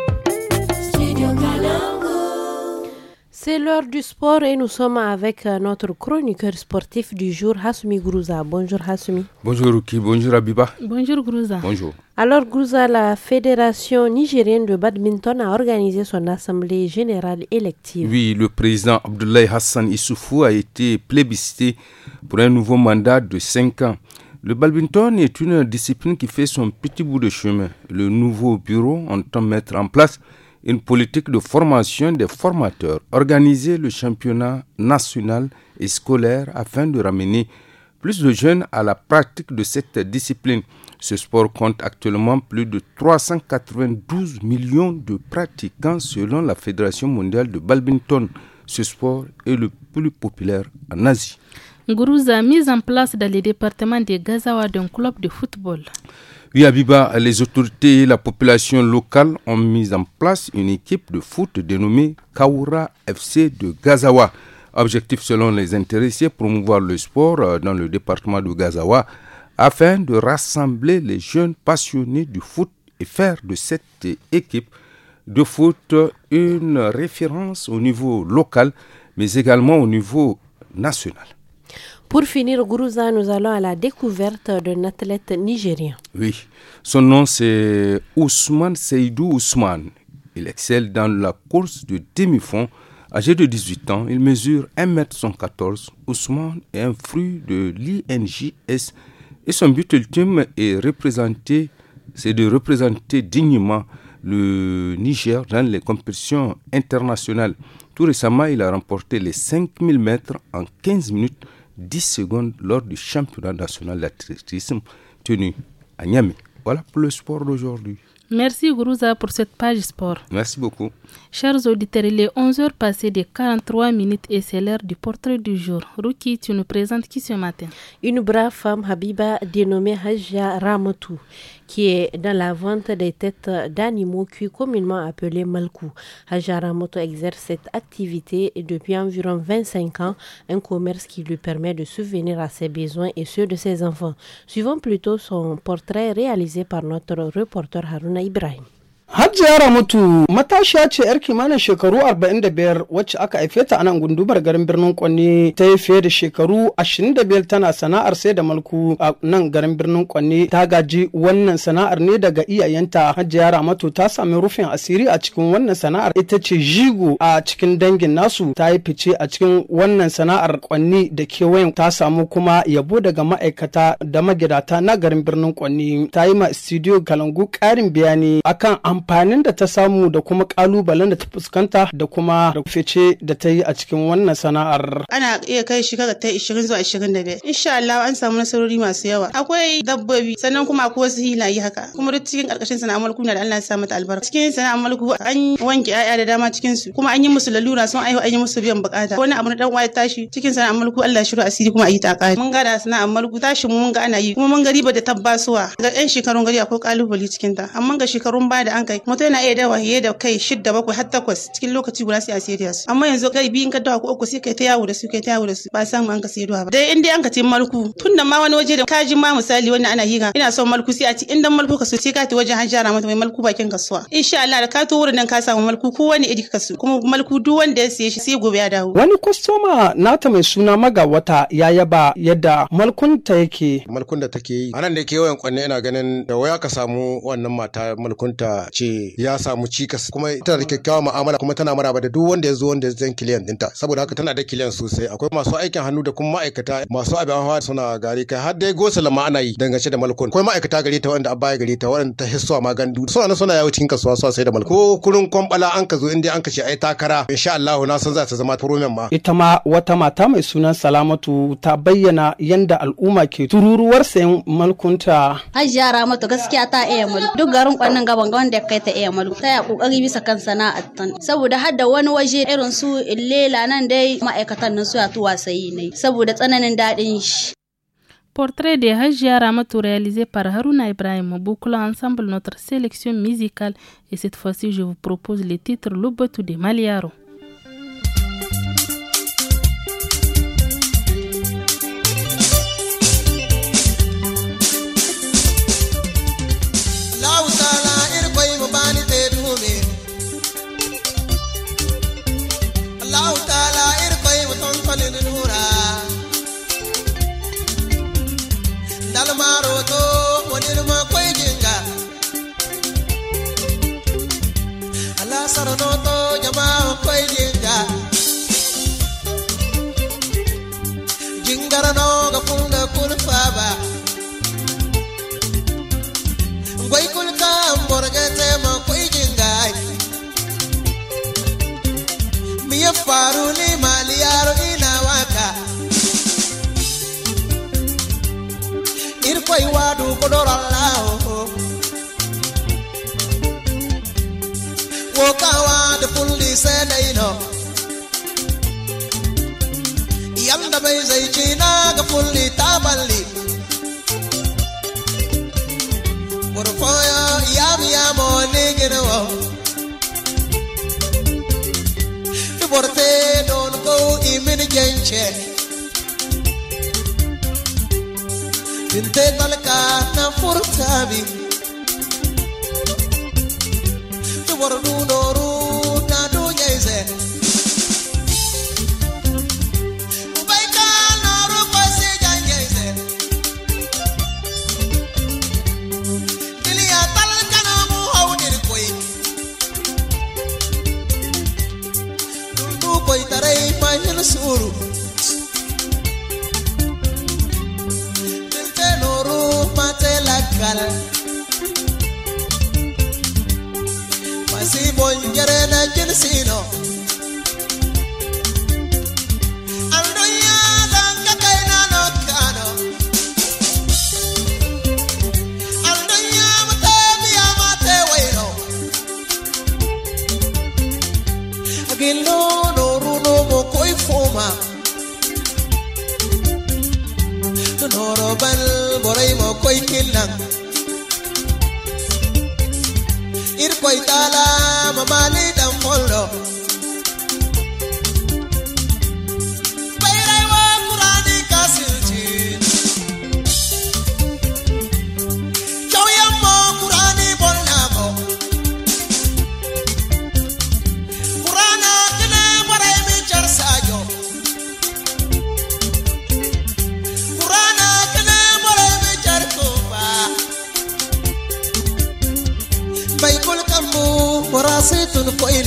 C'est l'heure du sport et nous sommes avec euh, notre chroniqueur sportif du jour, Hassoumi Grouza. Bonjour Hassoumi. Bonjour Ruki, bonjour Abiba. Bonjour Grouza. Bonjour. Alors Grouza, la Fédération nigérienne de badminton a organisé son assemblée générale élective. Oui, le président Abdoulaye Hassan Issoufou a été plébiscité pour un nouveau mandat de 5 ans. Le badminton est une discipline qui fait son petit bout de chemin. Le nouveau bureau entend mettre en place une politique de formation des formateurs, organiser le championnat national et scolaire afin de ramener plus de jeunes à la pratique de cette discipline. Ce sport compte actuellement plus de 392 millions de pratiquants selon la Fédération mondiale de badminton. Ce sport est le plus populaire en Asie. a mis en place dans le département de Gazawa d'un club de football. Oui, Abiba, les autorités et la population locale ont mis en place une équipe de foot dénommée Kaura FC de Gazawa. Objectif selon les intéressés, promouvoir le sport euh, dans le département de Gazawa afin de rassembler les jeunes passionnés du foot et faire de cette équipe de foot une référence au niveau local, mais également au niveau national. Pour finir, Gourouza, nous allons à la découverte d'un athlète nigérien. Oui, son nom c'est Ousmane Seydou Ousmane. Il excelle dans la course de demi-fond. Âgé de 18 ans, il mesure 1m114. Ousmane est un fruit de l'INJS et son but ultime est, représenter, c'est de représenter dignement le Niger dans les compétitions internationales. Tout récemment, il a remporté les 5000 mètres en 15 minutes 10 secondes lors du championnat national d'athlétisme tenu à Niamey. Voilà pour le sport d'aujourd'hui. Merci Gourouza pour cette page sport. Merci beaucoup. Chers auditeurs, il est 11h passé de 43 minutes et c'est l'heure du portrait du jour. Ruki, tu nous présentes qui ce matin Une brave femme, Habiba, dénommée Haja Ramotou qui est dans la vente des têtes d'animaux cuits communément appelés malkou. Hajaramoto exerce cette activité depuis environ 25 ans, un commerce qui lui permet de subvenir à ses besoins et ceux de ses enfants. Suivons plutôt son portrait réalisé par notre reporter Haruna Ibrahim. Hajjiya mutu matashiya ce 'yar kimanin shekaru 45 wacce aka haife ta anan gundumar garin birnin Kwanne ta yi fiye da shekaru 25 tana sana'ar sai da mulku a nan garin birnin Kwanne ta gaji wannan sana'ar ne daga iyayenta Hajjiya mutu ta sami rufin asiri a cikin wannan sana'ar ita ce jigo a cikin dangin nasu ta yi fice a cikin wannan sana'ar Kwanne da kewayen ta samu kuma yabo daga ma'aikata da magidata na garin birnin Kwanne ta yi ma studio Kalangu ƙarin bayani akan amfanin da ta samu da kuma kalubalen da ta fuskanta da kuma fice da ta yi a cikin wannan sana'ar. Ana iya kai shi kaga ta yi ishirin zuwa ishirin da biyar. Insha Allah an samu nasarori masu yawa. Akwai dabbobi sannan kuma akwai wasu hilaye haka. Kuma duk cikin karkashin sana'ar mulku da Allah ya sa mata albarka. Cikin sana'ar mulku an wanke 'ya'ya da dama cikin su kuma an yi musu lalura sun aihu an yi musu biyan bukata. Wani abu na dan waye tashi cikin sana'ar mulku Allah ya shiru asiri kuma a yi ta ƙari. Mun gada da sana'ar mulku tashi mun ga ana yi kuma mun ga riba da tabbasuwa. Ga 'yan shekarun gari akwai kalubale cikin ta amma ga shekarun baya da an kai mutum yana iya dawa fiye da kai shidda bakwai har takwas cikin lokaci guda sai a sayar su amma yanzu kai biyu ka dawa ko uku sai kai ta yawo da su kai ta yawo da su ba samu an ka da ba dai in dai an ka ce malku tun da ma wani waje da kaji ma misali wanda ana hira ina son malku sai a ce inda malku ka so sai ka ta wajen jara mata mai malku bakin kasuwa insha Allah da ka to wurin nan ka samu malku ko wani iri ka so kuma malku duk wanda ya saye shi sai gobe ya dawo wani kwastoma nata mai suna maga wata ya yaba yadda malkun ta yake malkun da take yi anan da ke yawan kwanne ina ganin da waya ka samu wannan mata malkunta ce ya samu cikas kuma tana da kyakkyawan mu'amala kuma tana maraba da duk wanda ya zo wanda ya zan kiliyan dinta saboda haka tana da kiliyan sosai akwai masu aikin hannu da kuma ma'aikata masu abin hawa suna gari kai har dai gosa lama ana yi dangance da malkon akwai ma'aikata gari ta wanda abaya gari ta wanda ta hissuwa ma gandu suna nan suna yawo cikin kasuwa suna sai da malkon ko kurun kwambala an ka zo inda an ka ce ai takara insha Allah na san za ta zama promen ma ita ma wata mata mai sunan Salamatu ta bayyana yanda al'umma ke tururuwar sayan malkunta hajjara mata gaskiya ta iya mulki duk garin kwannan gaban wanda kaita kai ta iya malu ta kokari bisa kan sana'atan saboda har da wani waje irin su lela nan dai ma'aikatan nan su ya tuwa sayi ne saboda tsananin daɗin shi Portrait de Hajia Ramatou réalisé par Haruna Ibrahim. Bouclant ensemble notre sélection musicale et cette fois-ci je vous propose le titre Lobotou de Maliaro. faruni mali yaro ina waka irko iwadu kodoro lao wokawa de fulli sedaino yanda bai zai i Inte balka na furtabi Tu wardu foi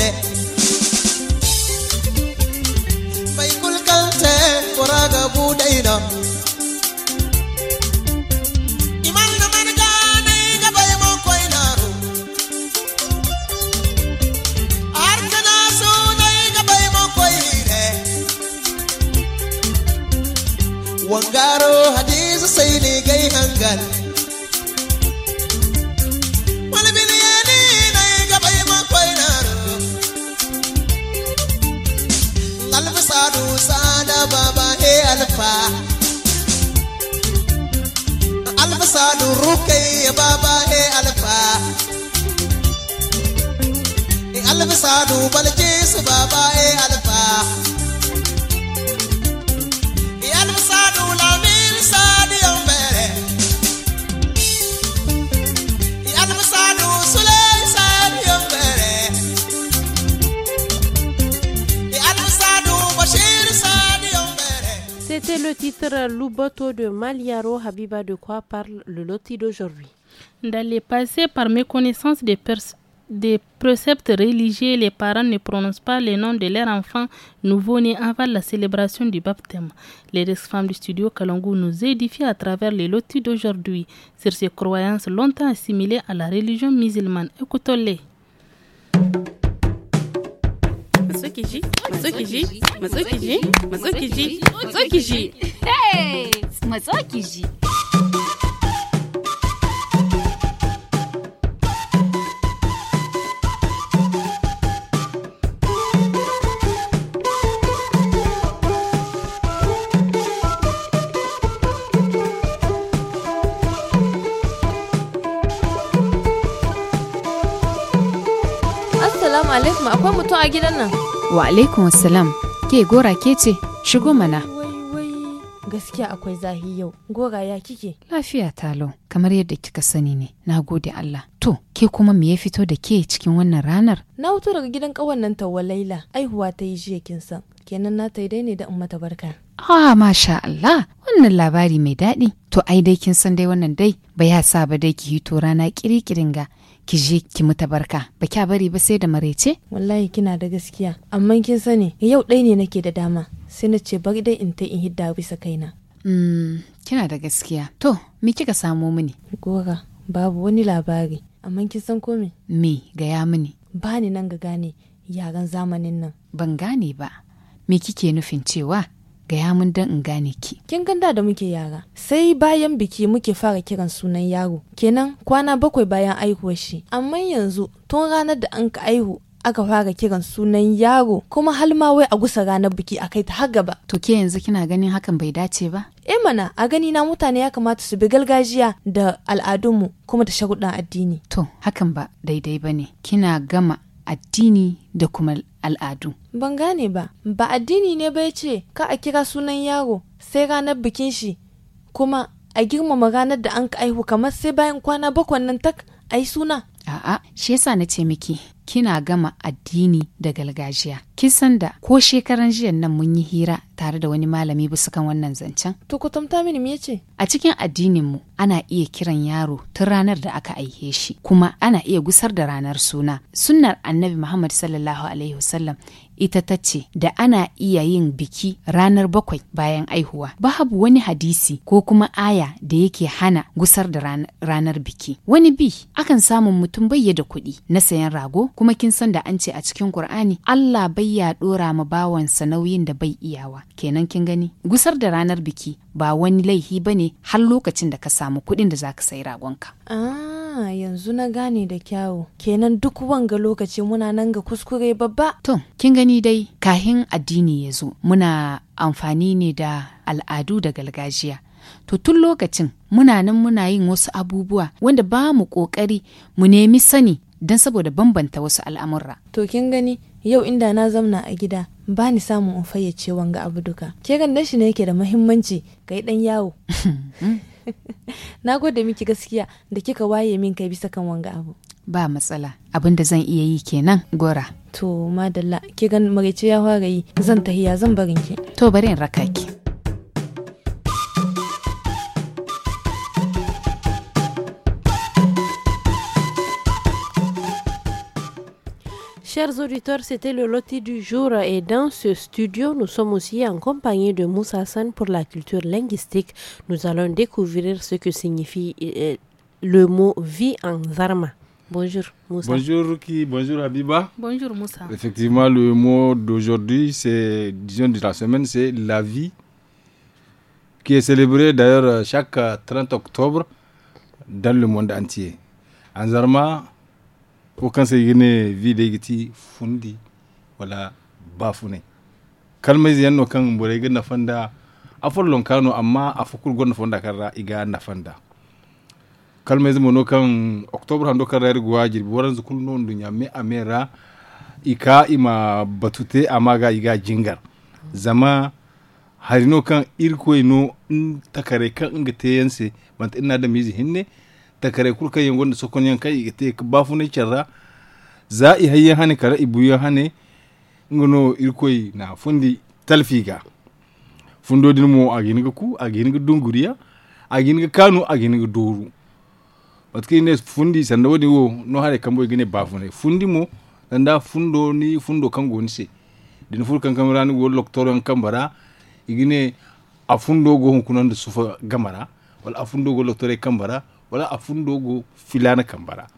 de quoi parle le loti d'aujourd'hui d'aller passer par méconnaissance des, des préceptes religieux, les parents ne prononcent pas les noms de leurs enfants nouveau-nés avant la célébration du baptême. Les ex-femmes du studio Kalongo nous édifient à travers les loti d'aujourd'hui sur ces croyances longtemps assimilées à la religion musulmane. Écoutons-les. a gidan nan wa alaikun salam ke gora ke ce shigo mana gaskiya akwai zahi yau gora ya kike lafiya talo kamar yadda kika sani ne na gode Allah to ke kuma me ya fito da ke cikin wannan ranar na wuto daga gidan kawan nan tawwa laila aihuwa ta yi jiya kin san kenan na ta yi ne da ummata barka ah masha Allah wannan labari mai daɗi to ai dai kin san dai wannan dai ba ya sa ba dai ki hito rana kirkirin ga ki je ki mata barka ba kya bari ba sai da maraice wallahi kina da gaskiya amma kin sani yau ɗaya ne nake da dama sai na ce bari dai in ta in hidda bisa kaina mm, kina da gaskiya to me kika samo mini gora babu wani labari amma kin san ko me me gaya mini bani nan ga gane yaran zamanin nan ban gane ba me kike nufin cewa gaya mun dan in gane ki. Kin ganda da muke yara, sai bayan biki muke fara kiran sunan yaro, kenan kwana bakwai bayan aihuwar shi. Amma yanzu tun ranar da an ka aihu aka fara kiran sunan yaro kuma hal ma wai a gusa ranar biki a kai ta har gaba. To ke yanzu kina ganin hakan bai dace ba? E mana a gani na mutane ya kamata su bi galgajiya da al'adunmu kuma da sharuɗan addini. To hakan ba daidai ba ne. Kina gama addini da kuma al'adu. Ban gane ba, ba addini ne bai ce ka a kira sunan yaro sai ranar bikin shi kuma a girmama ranar da an haihu kamar sai bayan kwana bakwai nan tak a yi suna. A'a, shi yasa na ce miki kina gama addini da gargajiya. Kisan da ko shekaran jiyan nan mun yi hira tare da wani malami bisa kan wannan zancen. To kwatanta mini me ce? A cikin addininmu ana iya kiran yaro tun ranar da aka aihe shi kuma ana iya gusar da ranar suna. Sunnar Annabi Muhammad sallallahu alaihi wasallam ita ta ce da ana iya yin biki ranar bakwai bayan aihuwa. Bahabu wani hadisi ko kuma aya da yake hana gusar da ranar, biki. Wani bi akan samun mutum bayya da kuɗi na sayan rago kuma kin san da an ce a cikin Ƙur'ani. Allah bai ya ɗora ma bawansa nauyin da bai iyawa. kenan kin gani gusar da ranar biki ba wani laihi ba ne har lokacin da ka samu kuɗin da za ka sayi ragonka. Ah, yanzu na gane da kyawu kenan duk wanga lokaci muna nan ga kuskure babba. To, kin gani dai kahin addini ya zo muna amfani ne da al'adu da gargajiya. To tun lokacin muna nan muna yin wasu abubuwa wanda ba mu ƙoƙari mu nemi sani don saboda bambanta wasu al'amurra. To kin gani yau inda na zamna a gida ba ni samun in fayyace wanga abu duka ke gan shi ne yake da muhimmanci kai dan yawo na gode miki gaskiya da kika waye min kai bisa kan wanga abu ba matsala abin da zan iya yi kenan gora to madalla ke gan maraice ya fara yi zan tahiya zan barin ki to bari in raka ki Chers auditeurs, c'était le loti du jour et dans ce studio, nous sommes aussi en compagnie de Moussa Hassan pour la culture linguistique. Nous allons découvrir ce que signifie euh, le mot vie en Zarma. Bonjour Moussa. Bonjour Ruki, Bonjour Bonjour Moussa. Effectivement, le mot d'aujourd'hui, c'est, disons de la semaine, c'est la vie, qui est célébrée d'ailleurs chaque 30 euh, octobre dans le monde entier. En Zarma, ko kansa yigine vide giti fundi wala bafune kalmai ziyanno kan bore ga nafanda afor kano amma a afukul gon nafanda karra iga nafanda kalmai zimo no kan oktobar hando karra yar guwa jirbi waran zukul non dunya me amera ika ima batute amaga iga jingar zama harino kan irkoy no takare kan ngate yanse bant ina da mizi hinne takare kulka kay ngon sokon yan kay te bafu ne charra za i hayya hane kara ibu ya hane ngono irkoy na fundi talfiga fundo din mo agin ga ku agin ga dunguriya agin ga kanu agin ga doru watki ne fundi sanda wodi wo no hare kambo gine bafu ne fundi mo nda fundo ni fundo kango ni se din fur kan kamara ni wo loktor an kambara igine afundo go hunkunan da sufa gamara wal afundo go loktor e kambara wala a fundogo filana kambara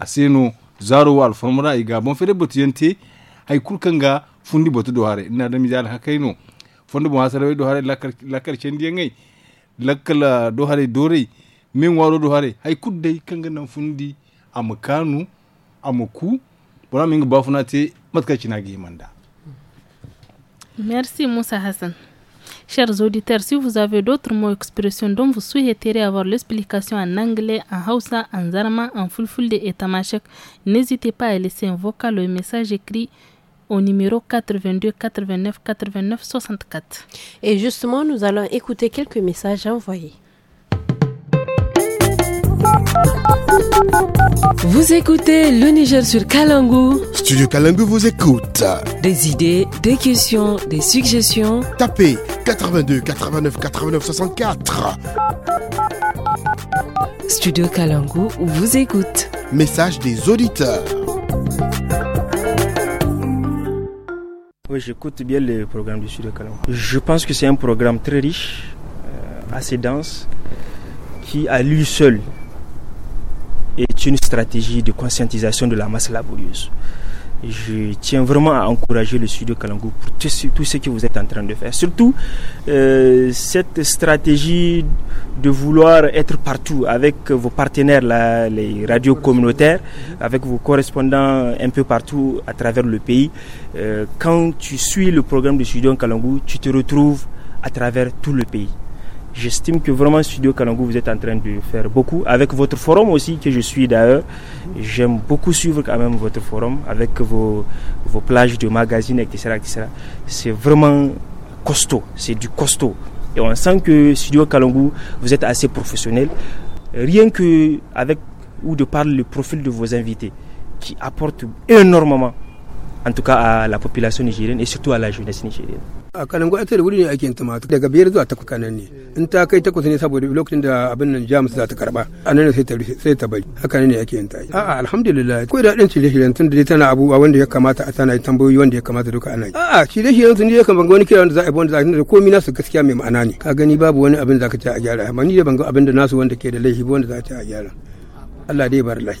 aseno zaro alfamra iga bon fere botiyante ay kulkanga fundi botu do hare ina dami jala hakaino fundi bon hasare do hare lakar lakar chendi ngai lakala do hare dori min waro do hare ay kudde kanga nan fundi amkanu amku bora min bafuna te matka chinagi manda merci musa hasan. Chers auditeurs, si vous avez d'autres mots expressions dont vous souhaiterez avoir l'explication en anglais, en Hausa, en Zarma, en Fulfulde et Tamashek, n'hésitez pas à laisser un vocal ou un message écrit au numéro 82 89 89 64. Et justement, nous allons écouter quelques messages envoyés. Vous écoutez le Niger sur Kalangu. Studio Kalangu vous écoute. Des idées, des questions, des suggestions. Tapez 82 89 89 64. Studio Kalangu vous écoute. Message des auditeurs. Oui, j'écoute bien le programme du Studio Kalangu. Je pense que c'est un programme très riche, euh, assez dense, qui a lui seul une stratégie de conscientisation de la masse laborieuse. Je tiens vraiment à encourager le studio Kalangou pour tout ce, que vous êtes en train de faire. Surtout euh, cette stratégie de vouloir être partout avec vos partenaires, les radios communautaires, avec vos correspondants un peu partout à travers le pays. Euh, quand tu suis le programme de studio Kalangou, tu te retrouves à travers tout le pays. J'estime que vraiment Studio Kalangu, vous êtes en train de faire beaucoup. Avec votre forum aussi, que je suis d'ailleurs, j'aime beaucoup suivre quand même votre forum, avec vos, vos plages de magazines, etc. C'est vraiment costaud, c'est du costaud. Et on sent que Studio Kalangu, vous êtes assez professionnel. Rien que avec ou de par le profil de vos invités, qui apporte énormément, en tout cas à la population nigérienne et surtout à la jeunesse nigérienne. a kanan gwamnati da wuri ne ake tumatir daga biyar zuwa takwas kanan ne in ta kai takwas ne saboda lokacin da abin nan jamus za ta karba a nan sai ta sai ta bari haka ne ake yin ta a'a alhamdulillah ko da din shirye shiryen tun da tana abubuwa wanda ya kamata a tana tambayoyi wanda ya kamata duka ana yi a'a shirye shiryen tun da kamar wani kira wanda za a yi wanda za a yi komai nasu gaskiya mai ma'ana ne ka gani babu wani abin da za ka ci a gyara amma ni da ban ga abin da nasu wanda ke da laifi wanda za a ci a gyara Allah dai bar lahi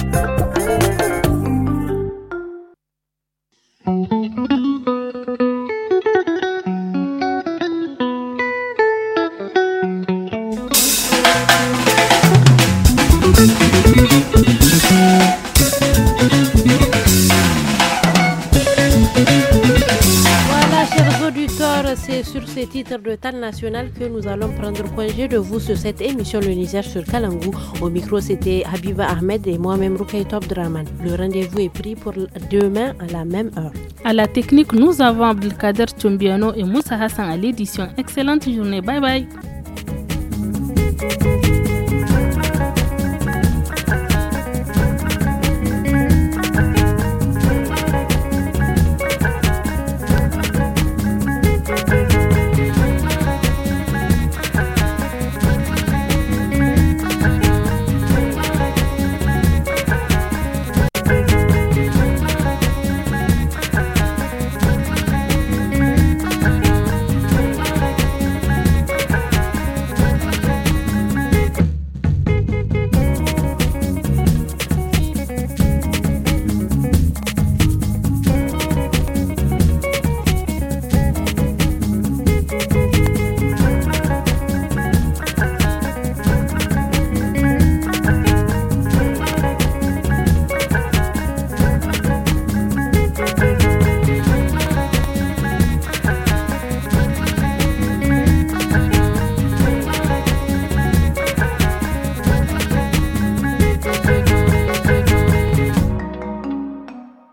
national que nous allons prendre congé de vous sur cette émission Le Niger sur Kalangou. Au micro, c'était Habiba Ahmed et moi-même Rukai Top Draman. Le rendez-vous est pris pour demain à la même heure. À la technique, nous avons Abdelkader Tchombiano et Moussa Hassan à l'édition. Excellente journée. Bye bye.